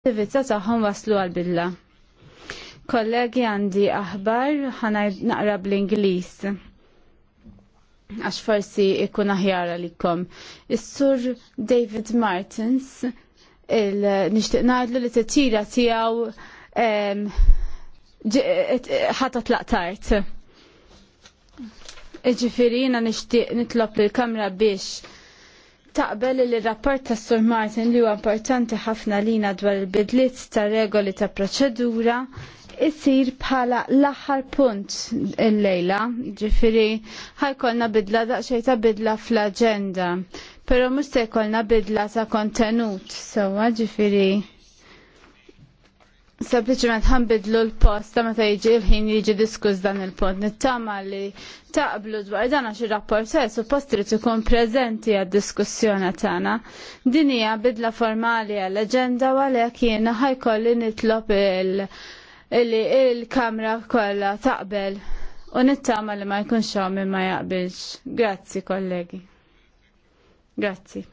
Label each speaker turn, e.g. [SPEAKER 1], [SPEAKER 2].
[SPEAKER 1] attività tagħhom waslu għal billa. Kollegi għandi aħbar ħana naqra bl-Ingliż. Għax forsi ikun aħjara għalikom. Is-sur David Martins il-nishtiq najdlu li t-tira tijaw ħatat laqtart. Iġifirina nishtiq nitlop il kamra biex taqbel li rapport ta' Sur Martin li huwa importanti ħafna lina dwar il-bidliet ta' regoli ta' proċedura isir bħala l-aħħar punt il-lejla, ġifiri ħajkolna bidla daqxej ta' bidla fl-agenda, pero mhux se jkollna bidla ta' kontenut, sewa so, ġifiri sempliciment ħanbidlu l-post ta' meta jiġi l-ħin jiġi diskuss dan il-punt. Nittama li taqblu dwar dan għax il-rapport se post trid ikun preżenti għad-diskussjoni tagħna. Din hija bidla formali għall-aġenda u għalhekk jien ħajkolli nitlob il-kamra kollha taqbel u nittama li ma jkunx hawn ma jaqbilx. Grazzi kollegi. Grazzi.